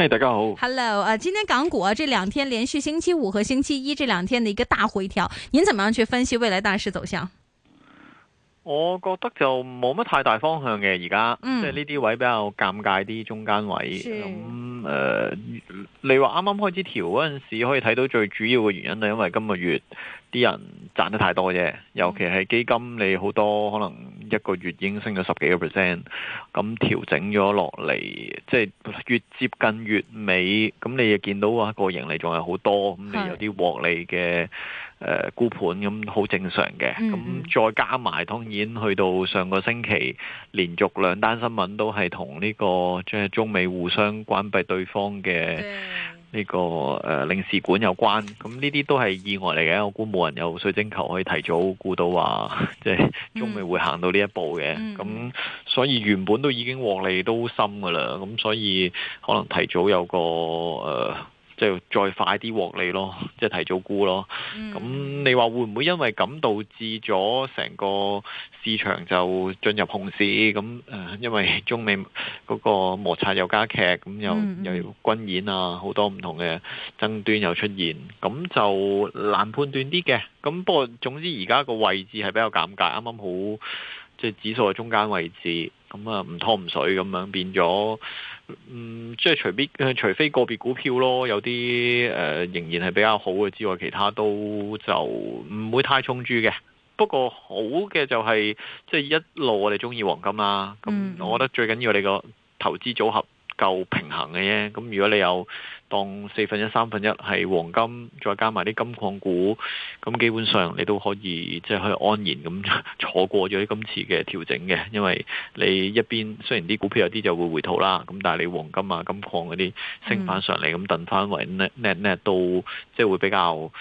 Hey, 大家好。Hello，啊、uh，今天港股啊，這兩天連續星期五和星期一這兩天的一個大回調，您怎麼樣去分析未來大勢走向？我覺得就冇乜太大方向嘅，而家，嗯、即係呢啲位比較尷尬啲，中間位咁，誒是、嗯呃，你話啱啱開始調嗰陣時，可以睇到最主要嘅原因就因為今個月啲人賺得太多啫，尤其係基金，你好多可能、嗯。一個月已經升咗十幾個 percent，咁調整咗落嚟，即係越接近月尾，咁你又見到啊個盈利仲係好多，咁你有啲獲利嘅誒沽盤，咁、呃、好正常嘅。咁再加埋，當然去到上個星期，連續兩單新聞都係同呢個即係中美互相關閉對方嘅。呢、這個誒、呃、領事館有關咁，呢啲都係意外嚟嘅。我估冇人有水晶球可以提早估到話，即係中美會行到呢一步嘅。咁、嗯、所以原本都已經獲利都深㗎喇。咁所以可能提早有個誒。呃就再快啲獲利咯，即係提早沽咯。咁、嗯、你話會唔會因為咁導致咗成個市場就進入熊市？咁誒、呃，因為中美嗰個摩擦又加劇，咁又又要軍演啊，好多唔同嘅爭端又出現，咁就難判斷啲嘅。咁不過總之而家個位置係比較尷尬，啱啱好即係指數係中間位置，咁啊唔湯唔水咁樣變咗。嗯，即係除非除非個別股票咯，有啲誒、呃、仍然係比較好嘅之外，其他都就唔會太冲注嘅。不過好嘅就係、是、即係一路我哋中意黃金啦、啊。咁我覺得最緊要你個投資組合。夠平衡嘅啫，咁如果你有當四分一、三分一係黃金，再加埋啲金礦股，咁基本上你都可以即係、就是、可以安然咁坐過咗啲今次嘅調整嘅，因為你一邊雖然啲股票有啲就會回吐啦，咁但係你黃金啊、金礦嗰啲升翻上嚟，咁等翻位，呢呢呢都即係會比較。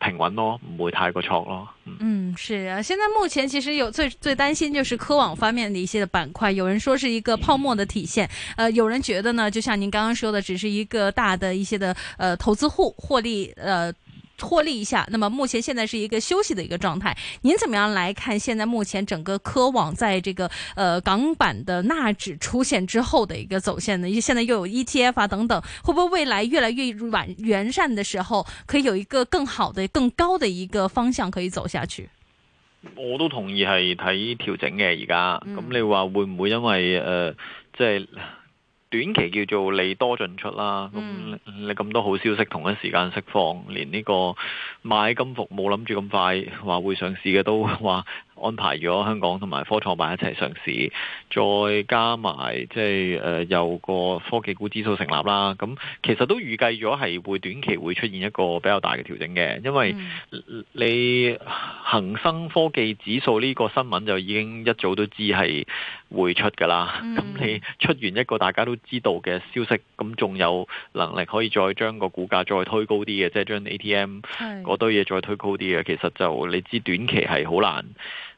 誒，平穩咯，唔會太過錯咯。嗯，嗯，是啊，現在目前其實有最最擔心就是科網方面的一些的板塊，有人說是一個泡沫的體現，嗯、呃，有人覺得呢，就像您剛剛說的，只是一個大的一些的呃，投資戶獲利呃。獲利一下，那麼目前現在是一個休息的一個狀態。您怎麼樣來看現在目前整個科網在這個呃港版的納指出現之後的一個走線呢？因為現在又有 ETF 啊等等，會不會未來越來越完善的時候，可以有一個更好的、更高的一個方向可以走下去？我都同意係睇調整嘅，而家咁你話會唔會因為呃即係。短期叫做利多進出啦，咁你咁多好消息同一時間釋放，連呢個買金服冇諗住咁快話會上市嘅都話，安排咗香港同埋科創板一齊上市，再加埋即係誒、呃，有個科技股指數成立啦。咁、嗯、其實都預計咗係會短期會出現一個比較大嘅調整嘅，因為、嗯、你恒生科技指數呢個新聞就已經一早都知係會出噶啦。咁、嗯嗯、你出完一個大家都知道嘅消息，咁、嗯、仲有能力可以再將個股價再推高啲嘅，即係將 ATM 嗰是堆嘢再推高啲嘅，其實就你知短期係好難。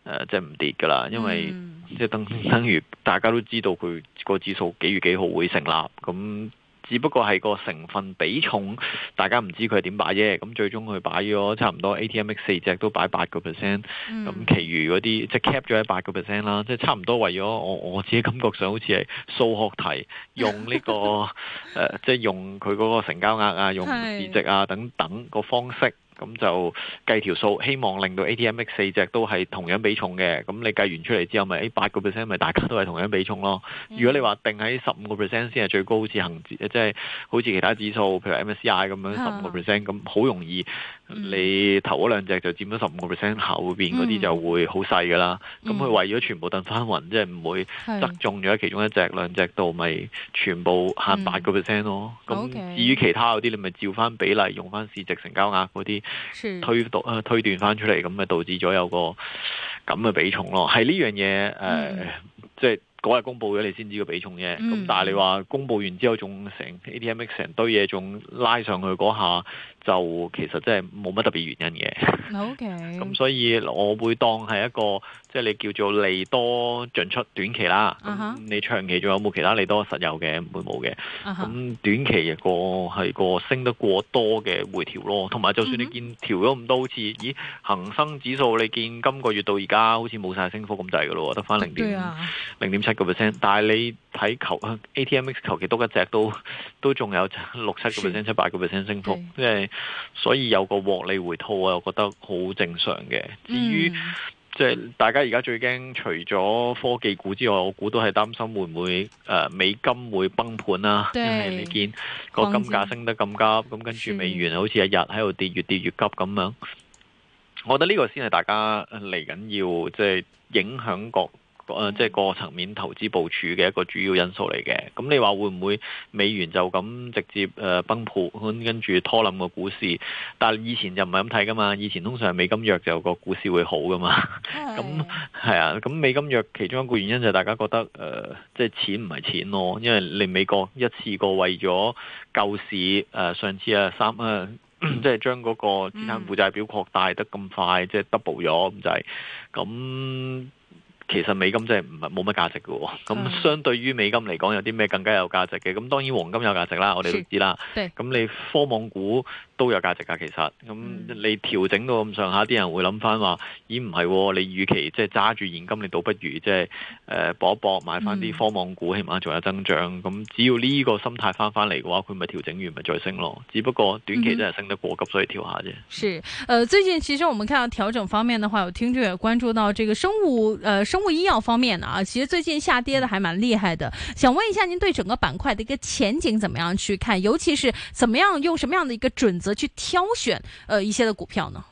誒、呃，即係唔跌噶啦，因為即係、嗯、等，等於大家都知道佢個指數幾月幾號會成立，咁只不過係個成分比重，大家唔知佢係點擺啫。咁最終佢擺咗差唔多 ATMX 四隻都擺八個 percent，咁其餘嗰啲即係 cap 咗一百個 percent 啦，即係差唔多為咗我我自己感覺上好似係數學題，用呢、這個誒、 呃，即係用佢嗰個成交額啊，用市值啊等等個方式。咁就計條數，希望令到 A T M X 四隻都係同樣比重嘅。咁你計完出嚟之後，咪 A 八個 percent 咪大家都係同樣比重咯。如果你話定喺十五個 percent 先係最高，好似恒指，即係好似其他指數，譬如 M S C I 咁樣十五個 percent，咁好容易。嗯、你頭嗰兩隻就佔咗十五個 percent 後邊嗰啲就會好細噶啦。咁佢、嗯嗯、為咗全部揼翻匀，即係唔會側中咗其中一隻兩隻度，咪全部限八個 percent 咯。咁至於其他嗰啲，你咪照翻比例用翻市值成交額嗰啲推是、呃、推斷翻出嚟，咁咪導致咗有個咁嘅比重咯。係呢樣嘢誒，呃嗯、即係。嗰日公布嘅你先知個比重啫，咁但係你話公布完之後仲成 A T M X 成堆嘢仲拉上去嗰下，就其實真係冇乜特別原因嘅。O K，咁所以我會當係一個即係、就是、你叫做利多進出短期啦。Uh huh. 你長期仲有冇其他利多實有嘅？唔會冇嘅。咁、uh huh. 短期亦個係個升得過多嘅回調咯。同埋就算你見調咗咁多，好似咦恒生指數你見今個月到而家好似冇晒升幅咁滯噶咯，得翻零點零點七個 percent，但係你睇求 ATMX 求其多一隻都都仲有六七個 percent、七八個 percent 升幅，即係是、就是、所以有個獲利回吐啊，我覺得好正常嘅。至於即係、嗯、大家而家最驚，除咗科技股之外，我估都係擔心會唔會誒、呃、美金會崩盤啊？對 因為你見個金價升得咁急，咁跟住美元好似一日喺度跌越，越跌越急咁樣。我覺得呢個先係大家嚟緊要即係、就是、影響國。嗯、即係個層面投資部署嘅一個主要因素嚟嘅。咁、嗯、你話會唔會美元就咁直接誒崩盤，跟住拖冧個股市？但係以前就唔係咁睇㗎嘛。以前通常美金弱就個股市會好㗎嘛。咁係啊。咁、嗯、美金弱其中一個原因就大家覺得誒，即、呃、係、就是、錢唔係錢咯。因為你美國一次過為咗救市誒、呃，上次啊三、呃、 即係將嗰個資產負債表擴大得咁快，嗯、即係 double 咗咁就係、是、咁。其實美金真係唔係冇乜價值嘅喎，咁相對於美金嚟講，有啲咩更加有價值嘅？咁當然黃金有價值啦，我哋都知啦。咁你科網股？都有價值噶、啊，其實咁、嗯、你調整到咁上下，啲人會諗翻話，咦，唔係、哦，你預期即係揸住現金，你倒不如即係誒搏一搏買翻啲科網股，起碼仲有增長。咁只要呢個心態翻翻嚟嘅話，佢咪調整完咪再升咯。只不過短期真係升得過急，所以調下啫。是，誒、呃、最近其實我們看到調整方面嘅話，聽有聽眾也關注到這個生物誒、呃、生物醫藥方面啊，其實最近下跌的還蠻厲害的。想問一下您對整個板塊嘅一個前景怎點樣去看，尤其是怎點樣用什麼樣嘅一個準則？去挑選，誒、呃，一些嘅股票呢？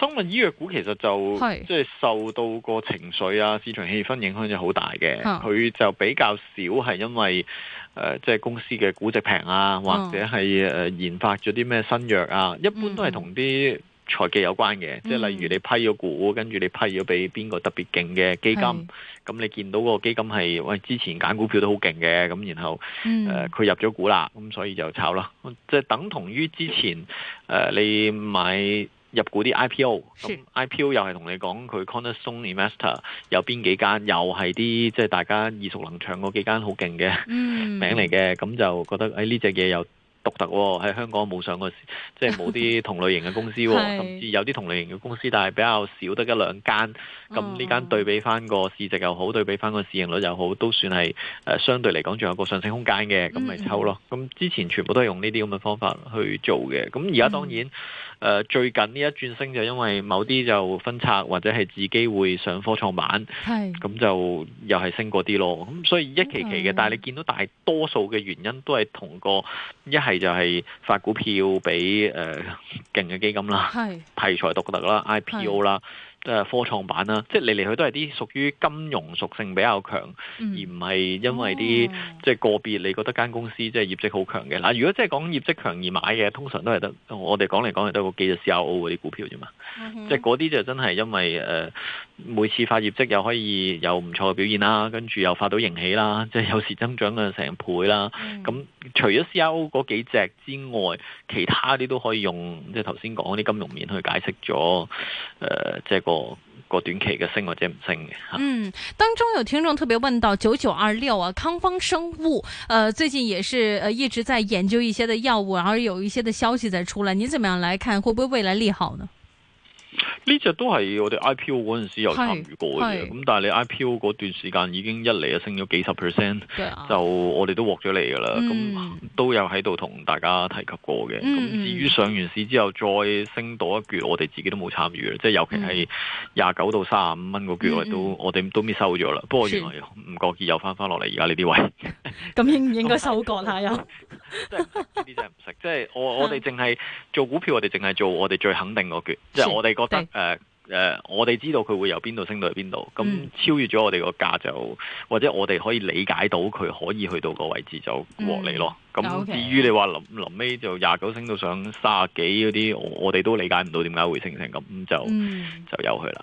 生物醫藥股其實就是即係受到個情緒啊、市場氣氛影響就好大嘅，佢、啊、就比較少係因為誒、呃，即係公司嘅估值平啊，或者係誒研發咗啲咩新藥啊，嗯、一般都係同啲。嗯財技有關嘅，即係例如你批咗股，嗯、跟住你批咗俾邊個特別勁嘅基金，咁是你見到嗰個基金係，喂，之前揀股票都好勁嘅，咁然後誒佢、嗯呃、入咗股啦，咁所以就炒啦，即係等同於之前誒、呃、你買入股啲 IPO，咁是 IPO 又係同你講佢 Cornerstone Investor 有邊幾間，又係啲即係大家耳熟能詳嗰幾間好勁嘅、嗯、名嚟嘅，咁、嗯、就覺得誒呢隻嘢又。哎哎這個獨特喎、哦，喺香港冇上過，即係冇啲同類型嘅公司、哦， 是甚至有啲同類型嘅公司，但係比較少得一兩間。咁呢、嗯、間對比翻個市值又好，對比翻個市盈率又好，都算係誒、呃、相對嚟講仲有個上升空間嘅，咁咪抽咯。咁、嗯、之前全部都係用呢啲咁嘅方法去做嘅，咁而家當然。嗯誒，最近呢一轉升就因為某啲就分拆或者係自己會上科創板，係咁是就又係升過啲咯。咁所以一期期嘅，是但係你見到大多數嘅原因都係同個一係就係發股票俾誒勁嘅基金啦，係題是材獨特啦，IPO 啦。誒，科創板啦，即係嚟嚟去都係啲屬於金融屬性比較強，而唔係因為啲、嗯、即係個別，你覺得間公司即係業績好強嘅。嗱，如果即係講業績強而買嘅，通常都係得我哋講嚟講去都係得幾隻 CRO 嗰啲股票啫嘛，嗯、哼即係嗰啲就真係因為誒。呃每次發業績又可以有唔錯嘅表現啦，跟住又發到盈喜啦，即係有時增長嘅成倍啦。咁、嗯嗯、除咗 CRO 嗰幾隻之外，其他啲都可以用即係頭先講啲金融面去解釋咗，誒、呃，即係個個短期嘅升或者唔升嘅。啊、嗯，當中有聽眾特別問到九九二六啊，康方生物，誒、呃，最近也是誒一直在研究一些的藥物，然後有一些的消息在出來，你怎點樣來看，會不會未來利好呢？呢隻都係我哋 IPO 嗰陣時有參與過嘅，咁但係你 IPO 嗰段時間已經一嚟啊升咗幾十 percent，的就我哋都獲咗利噶啦，咁、嗯、都有喺度同大家提及過嘅。咁、嗯嗯、至於上完市之後再升多一橛，我哋自己都冇參與，即係、嗯、尤其係廿九到三十五蚊嗰橛，嗯嗯我都我哋都咪收咗啦。的不過原來唔覺意又翻翻落嚟，而家呢啲位，咁 應唔應該收割下又？ 即係呢啲真係唔識，即係我 我哋淨係做股票，我哋淨係做我哋最肯定嗰橛，即係我哋覺得誒誒，uh, uh, 我哋知道佢會由邊度升到去邊度，咁超越咗我哋個價就，或者我哋可以理解到佢可以去到個位置就獲利咯。咁、mm, それ 至於你話臨臨尾就廿九升到上卅幾嗰啲，我哋都理解唔到點解會升成咁就就由佢啦。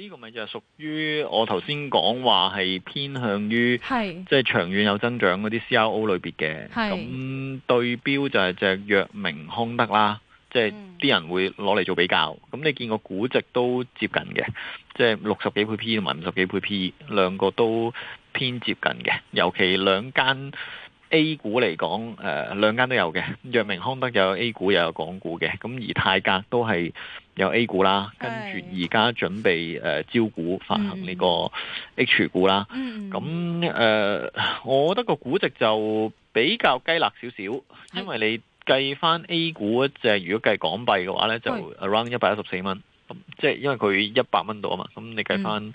呢個咪就係屬於我頭先講話係偏向於即係長遠有增長嗰啲 CRO 類別嘅，咁是對標就係隻藥明康德啦，即係啲人會攞嚟做比較。咁你見個估值都接近嘅，即係六十幾倍 P 同埋五十幾倍 PE，兩個都偏接近嘅，尤其兩間。A 股嚟講，誒、呃，兩間都有嘅。藥明康德有 A 股，又有港股嘅。咁而泰格都係有 A 股啦，的跟住而家準備誒、呃、招股發行呢個 H 股啦。咁誒的、呃，我覺得個估值就比較雞肋少少，因為你計翻 A 股一隻，就是、如果計港幣嘅話呢，就 around 一百一十四蚊。即係的因為佢一百蚊度啊嘛。咁你計翻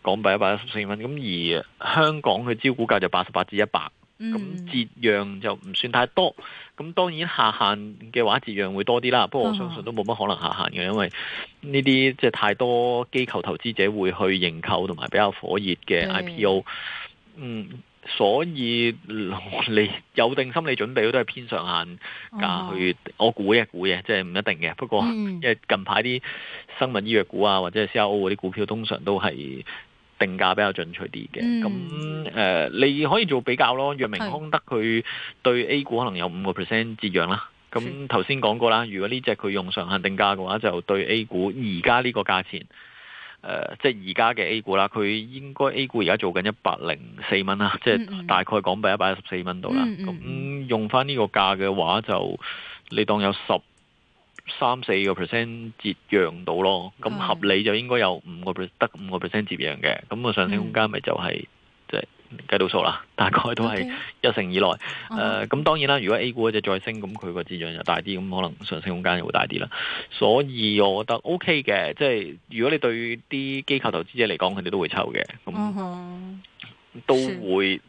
港幣一百一十四蚊。咁的、嗯、而香港佢招股價就八十八至一百。咁折、嗯嗯、讓就唔算太多，咁當然下限嘅話折讓會多啲啦。不過我相信都冇乜可能下限嘅，嗯、因為呢啲即係太多機構投資者會去認購同埋比較火熱嘅 IPO 的。嗯，所以你有定心理準備都係偏上限價去。嗯、我估嘅估嘅，即係唔一定嘅。不過、嗯、因為近排啲生物醫藥股啊，或者係 CRO 嗰啲股票，通常都係。定價比較進取啲嘅，咁誒、嗯呃、你可以做比較咯。藥明康德，佢對 A 股可能有五個 percent 折讓啦。咁頭先講過啦，如果呢隻佢用上限定價嘅話，就對 A 股而家呢個價錢，呃、即係而家嘅 A 股啦，佢應該 A 股而家做緊一百零四蚊啦，即係、嗯嗯、大概港幣一百一十四蚊度啦。咁、嗯嗯、用返呢個價嘅話就，就你當有十三四個 percent 折讓到咯，咁合理就應該有五個 percent 得五個 percent 折讓嘅，咁個上升空間咪、嗯、就係即係計到數啦，大概都係一成以內。誒、okay, uh，咁、huh. 呃、當然啦，如果 A 股嗰隻再升，咁佢個折讓又大啲，咁可能上升空間又大啲啦。所以我覺得 OK 嘅，即係如果你對啲機構投資者嚟講，佢哋都會抽嘅，咁、uh huh. 都會。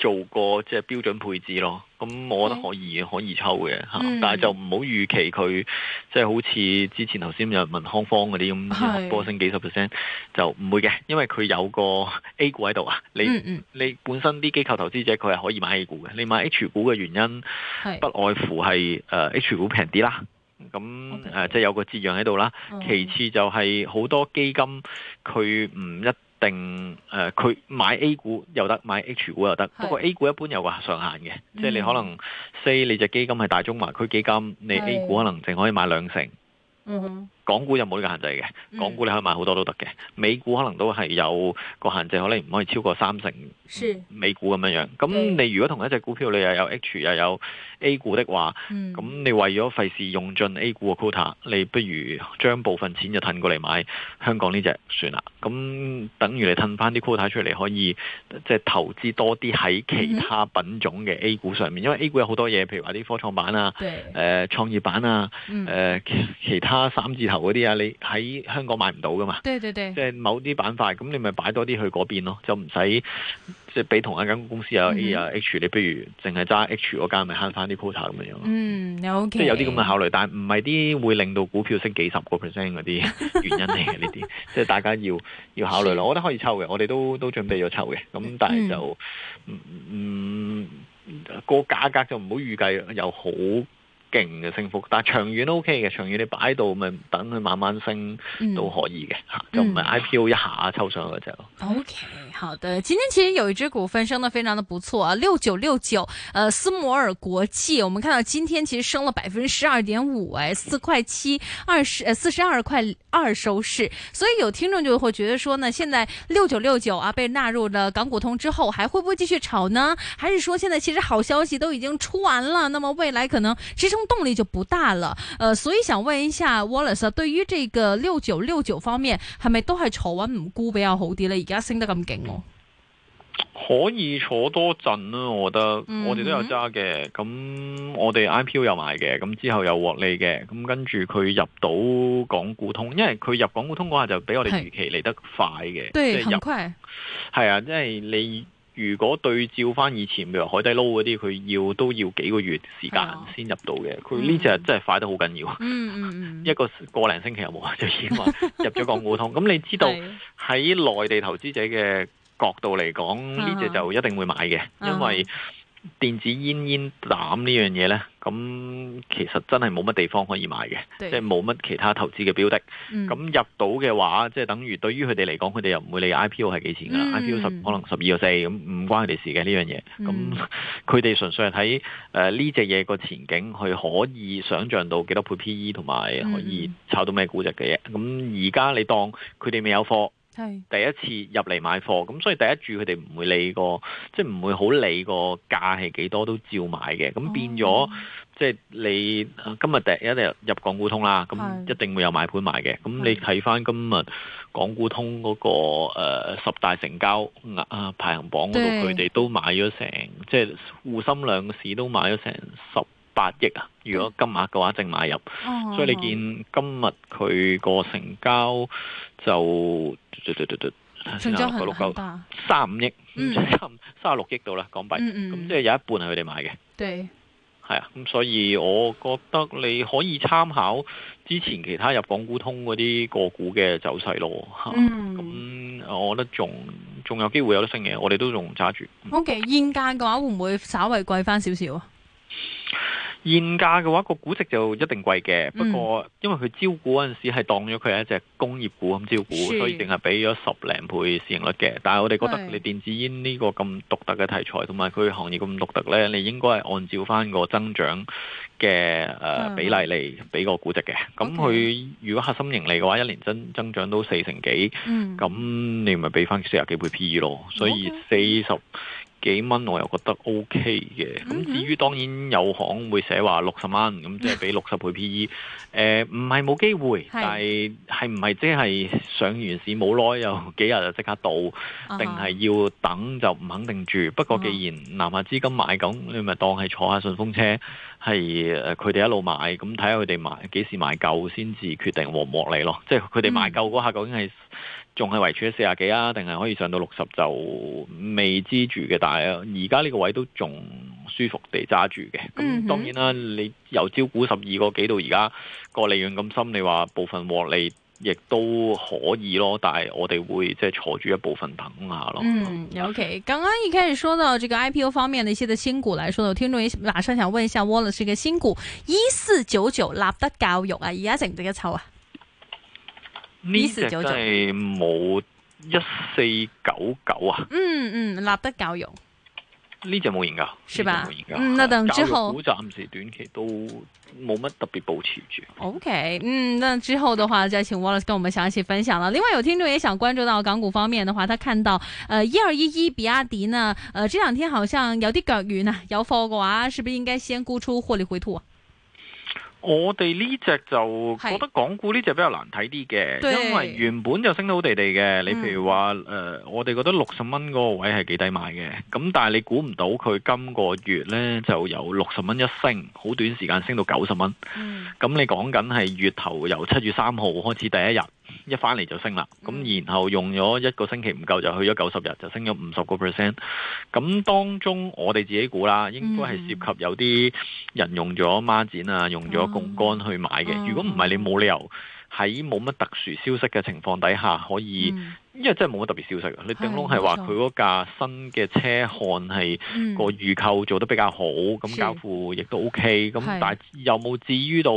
做過即係標準配置咯，咁我覺得可以，Okay. 可以抽嘅嚇。Mm. 但係就唔好預期佢即係好似之前頭先有問康方嗰啲咁，波升幾十 percent 就唔會嘅，因為佢有個 A 股喺度啊。你、mm. 你本身啲機構投資者佢係可以買 A 股嘅，你買 H 股嘅原因、mm. 不外乎係誒、uh, H 股平啲啦。咁誒 Okay.、呃、即係有個折讓喺度啦。Mm. 其次就係好多基金佢唔一定誒佢、呃、買 A 股又得，買 H 股又得。不過是 A 股一般有個上限嘅，嗯、即係你可能 say 你隻基金係大中華區基金，你 A 股可能淨可以買兩成。嗯哼。港股就冇呢個限制嘅？港股你可以買好多都得嘅。美股可能都係有個限制，可能唔可以超過三成。美股咁樣樣。咁是你如果同一隻股票你又有 H 又有 A 股的話，咁、嗯、你為咗費事用盡 A 股嘅 quota，你不如將部分錢就褪過嚟買香港呢隻算啦。咁等於你褪翻啲 quota 出嚟，可以即係投資多啲喺其他品種嘅 A 股上面，嗯、因為 A 股有好多嘢，譬如話啲科創板啊，誒對、呃、創業板啊，誒、嗯呃、其，其他三字頭。嗰啲啊，你喺香港買唔到噶嘛？對對對，即係某啲板塊，咁你咪擺多啲去嗰邊咯，就唔使即係俾同一間公司有、啊 mm hmm. A 啊 H，你不如淨係揸 H 嗰間，咪慳翻啲 quota 咁樣。嗯、mm，hmm. 即係有啲咁嘅考慮，但係唔係啲會令到股票升幾十個 percent 嗰啲原因嚟嘅呢啲，即係大家要要考慮咯。我覺得可以抽嘅，我哋都都準備咗抽嘅，咁但係就唔唔、mm hmm. 嗯那個價格就唔好預計又好。勁嘅升幅，但係長遠都 OK 嘅，長遠你擺到咪等佢慢慢升都可以嘅，嗯、就唔係 IPO 一下抽上去就。O、okay, K，好的，今天其實有一隻股份升得非常的不錯啊，六九六九，呃，斯摩爾國際，我們看到今天其實升了百分之十二點五，誒、呃，四塊七二十，四十二塊二收市。所以有聽眾就會覺得說呢，現在六九六九啊被納入了港股通之後，還會不會繼續炒呢？還是說現在其實好消息都已經出完了，那麼未來可能支撐？動力就不大了。誒、呃，所以想問一下 Wallace，對於這個六九六九方面係咪都係坐穩唔沽比較好啲呢？而家升得咁勁哦，可以坐多陣啦，啊，我覺得，嗯嗯我哋都有揸嘅，咁我哋 IPO 有買嘅，咁之後有獲利嘅，咁跟住佢入到港股通，因為佢入港股通嘅話就比我哋預期嚟得快嘅，即係，對，係啊，即係你。如果對照翻以前譬如海底撈嗰啲，佢要都要幾個月時間先入到嘅，佢呢隻真係快得好緊要、嗯 一，一個個零星期有冇啊？就已經話入咗港股通。咁 你知道喺的內地投資者嘅角度嚟講，呢隻、uh huh. 就一定會買嘅，uh huh. 因為。電子煙煙膽呢樣嘢呢，咁其實真係冇乜地方可以買嘅，對即係冇乜其他投資嘅標的。咁、嗯、入到嘅話，即係等於對於佢哋嚟講，佢哋又唔會理 IPO 係幾錢噶，IPO 十可能十二、嗯呃個四咁唔關佢哋事嘅呢樣嘢。咁佢哋純粹係睇誒呢隻嘢個前景，去可以想象到幾多倍 PE 同埋可以炒到咩估值嘅嘢。咁而家你當佢哋未有貨。係第一次入嚟買貨，咁所以第一注佢哋唔會理個，即係唔會好理個價係幾多都照買嘅。咁變咗，即係你今日第一日入港股通啦，咁是一定會有買盤買嘅。咁你睇翻今日港股通嗰、那個、呃、十大成交額啊、呃、排行榜嗰度，佢哋對都買咗成，即係滬深兩市都買咗成十。八億啊！如果金額嘅話淨買入，哦、所以你見、哦、今日佢個成交就成交很三五億，三五三六億到啦港幣，咁、嗯、即係有一半係佢哋買嘅。對，係啊，咁所以我覺得你可以參考之前其他入港股通嗰啲個股嘅走勢咯、嗯。嗯，咁我覺得仲仲有機會有得升嘅，我哋都仲揸住。咁其實現價嘅話會唔會稍為貴翻少少啊？現價嘅話，個估值就一定貴嘅，嗯、不過因為佢招股嗰陣時係當咗佢係一隻工業股咁招股，是所以淨係俾咗十零倍市盈率嘅。但係我哋覺得你電子煙呢個咁獨特嘅題材，同埋佢行業咁獨特呢，你應該係按照翻個增長嘅誒、呃嗯、比例嚟俾個估值嘅。咁佢如果核心盈利嘅話，一年增增長都四成幾，咁、嗯嗯、你咪俾翻四十幾倍 P E 咯。所以四十、嗯。幾蚊我又覺得 O K 嘅，咁、嗯、哼至於當然有行會寫話六十蚊，咁即係俾六十倍 P E，誒唔係冇機會，是但係係唔係即係上完市冇耐又幾日就即刻到，定係、嗯、哼要等就唔肯定住。不過既然南下資金買，咁你咪當係坐下順風車，係佢哋一路買，咁睇下佢哋買幾時買夠先至決定獲唔獲利咯。即係佢哋買夠嗰下究竟係。嗯仲係維持咗四十幾啊，定係可以上到六十就未知住嘅，但係而家呢個位都仲舒服地揸住嘅。咁、嗯、哼當然啦，你由招股十二個幾到而家個利潤咁深，你話部分獲利亦都可以咯。但係我哋會即係坐住一部分等下咯。嗯，OK，剛剛一開始說到這個 IPO 方面的一些的新股來說，呢聽眾也馬上想問一下 Wallace，個新股一四九九立德教育啊，而家值唔值得抽啊？呢隻真係冇一四九九啊！嗯嗯，立德教育呢隻冇研究，是吧？嗯，那等之後，股暫時短期都冇乜特別保持住。OK，嗯，那之後嘅話，再請 Wallace 跟我們詳細分享啦。另外有聽眾也想關注到港股方面嘅話，他看到，呃，一二一一比亞迪呢，呃，這兩天好像有啲腳軟啊，有貨嘅話啊，是不是應該先沽出獲利回吐啊？我哋呢隻就覺得港股呢隻比較難睇啲嘅，對因為原本就升得好地地嘅。嗯、你譬如話誒、呃，我哋覺得六十蚊嗰個位係幾低買嘅，咁但係你估唔到佢今個月呢就由六十蚊一升，好短時間升到九十蚊。咁、嗯、你講緊係月頭由七月三號開始第一日。一翻嚟就升啦，咁然後用咗一個星期唔夠就去咗九十日，就升咗五十個 percent。咁、嗯、當中我哋自己估啦，應該係涉及有啲人用咗孖展啊，用咗槓桿去買嘅。如果唔係，你冇理由喺冇乜特殊消息嘅情況底下可以，嗯、因為真係冇乜特別消息，嗯、你頂籠係話佢嗰架新嘅車漢係個預購做得比較好，咁、嗯、交付亦都 OK，咁是但係有冇至於到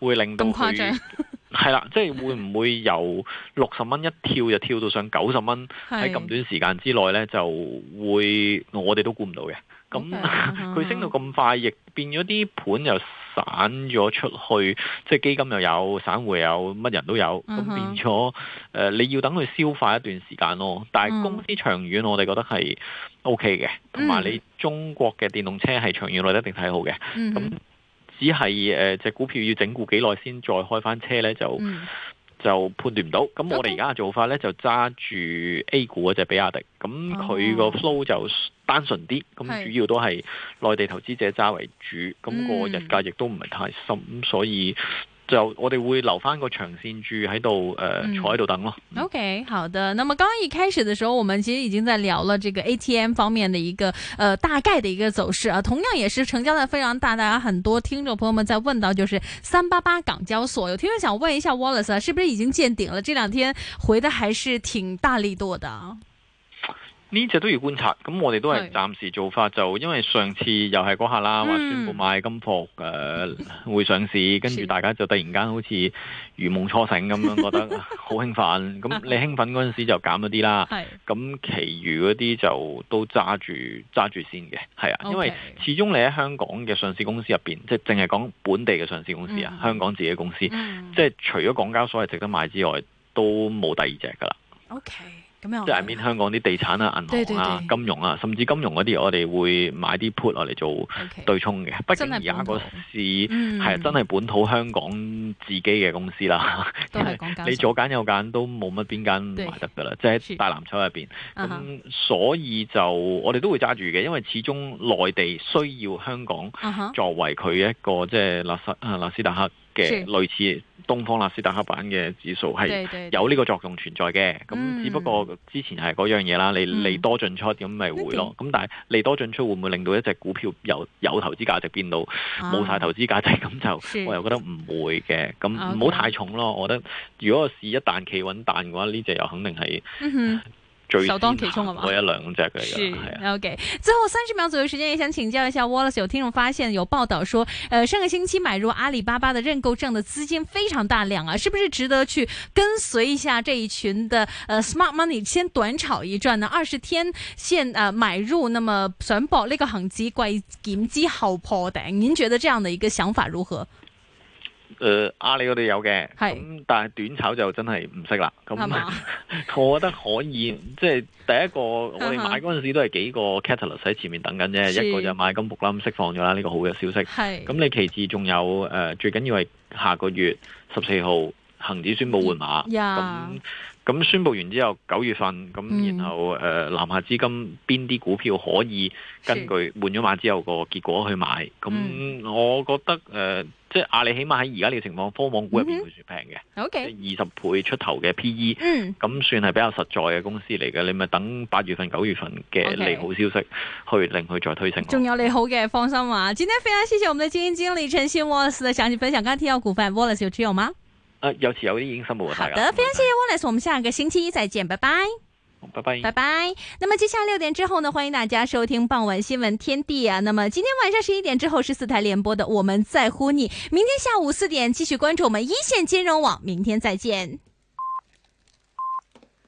會令到？佢？ 係啦，即係會唔會由六十蚊一跳就跳到上九十蚊？喺咁短時間之內呢，就會我哋都估唔到嘅。咁佢、okay, uh huh. 升到咁快，亦變咗啲盤又散咗出去，即係基金又有，散戶又有，乜人都有。咁、uh huh. 變咗，誒、呃，你要等佢消化一段時間咯。但係公司長遠，我哋覺得係 O K 嘅，同埋、uh huh. 你中國嘅電動車係長遠內一定睇好嘅。咁、uh huh. 只係誒、呃、隻股票要整固幾耐先再開返車呢？就、嗯、就判斷唔到。咁我哋而家嘅做法呢，就揸住 A 股啊，就係比亞迪。咁佢個 flow 就單純啲，咁主要都係內地投資者揸為主。咁個日價亦都唔係太深，所以。就我哋會留翻個長線住喺度，誒、呃、坐喺度等咯、嗯。OK，好的。那麼剛剛一開始的時候，我們其實已經在聊了這個 ATM 方面的一個，誒、呃、大概的一個走勢啊。同樣也是成交量非常大，大家很多聽眾朋友們在問到，就是三八八港交所有，有聽眾想問一下 Wallace，啊，是不是已經見頂了？這兩天回的還是挺大力度的、啊。呢隻都要觀察，咁我哋都係暫時做法，是就因為上次又係嗰下啦，話、嗯、全部買金箔誒、呃、會上市，跟住大家就突然間好似如夢初醒咁樣， 覺得好興奮。咁你興奮嗰陣時就減咗啲啦，咁是其餘嗰啲就都揸住揸住先嘅。係啊，okay，因為始終你喺香港嘅上市公司入邊，即係淨係講本地嘅上市公司啊，嗯、香港自己公司，嗯嗯、即係除咗港交所係值得買之外，都冇第二隻噶啦。OK。即係入 I mean, 香港啲地產啊、銀行啊、對對對金融啊，甚至金融嗰啲，我哋會買啲 put 落嚟做對沖嘅。畢 Okay, 畢竟而家個市係、嗯、真係本土香港自己嘅公司啦。 你左揀右揀都冇乜邊間買得㗎啦，對即係大藍籌入邊。咁是所以就我哋都會揸住嘅，因為始終內地需要香港作為佢一個即係垃圾啊，納斯達克。啊啊啊啊嘅類似東方納斯達克版嘅指數係有呢個作用存在嘅，咁只不過之前係嗰樣嘢啦，你利、嗯、多進出咁咪會咯，咁、嗯、但係利多進出會唔會令到一隻股票由有，有投資價值變到冇晒、啊、投資價值？咁就 我又覺得唔會嘅，咁唔好太重咯。我覺得如果個市一旦企穩彈嘅話，呢隻又肯定係。嗯最典型嗰一兩隻嘅，係啊。O K，最後三十秒左右時間，也想請教一下 Wallace，有聽眾發現，有報道說，呃，上個星期買入阿里巴巴的認購證的資金非常大量啊，是不是值得去跟隨一下這一群的呃 smart money 先短炒一轉？呢二十天線，呃買入，那麼，想搏那個行機，怪，點擊好破的？您覺得這樣的一個想法如何？誒、呃、阿里我哋有嘅，咁是、嗯、但係短炒就真係唔識啦。咁，吧 我覺得可以，即、就、係、是、第一個 我哋買嗰陣時都係幾個 catalyst 喺前面等緊啫。是一個就買金木欖釋放咗啦，呢、這個好嘅消息。咁是，你其次仲有誒、呃，最緊要係下個月十四號恒指宣佈換馬。嗯嗯。咁宣布完之後，九月份咁，然後誒南、嗯呃、下資金邊啲股票可以根據換咗碼之後個結果去買？咁、嗯嗯、我覺得誒、呃，即係阿里起碼喺而家呢個情況，科網股入面會算平嘅，OK，二十倍出頭嘅 PE，咁算係比較實在嘅公司嚟嘅。你咪等八月份、九月份嘅利好消息去令佢再推升。仲有利好嘅，放心話。今日非常，多謝我們嘅經理陳昕先生。Wallace 嘅詳細分享，剛聽下股份，Wallace 有持有嗎？誒，有時有啲已經生冇問題啦。好的，非常謝謝 Wallace，我們下個星期一再見，拜拜，拜拜，拜拜。 那麼接下來六點之後呢，歡迎大家收聽傍晚新聞天地啊。那麼今天晚上十一點之後是四台聯播的《我們在乎你》。明天下午四點繼續關注我們一線金融網，明天再見。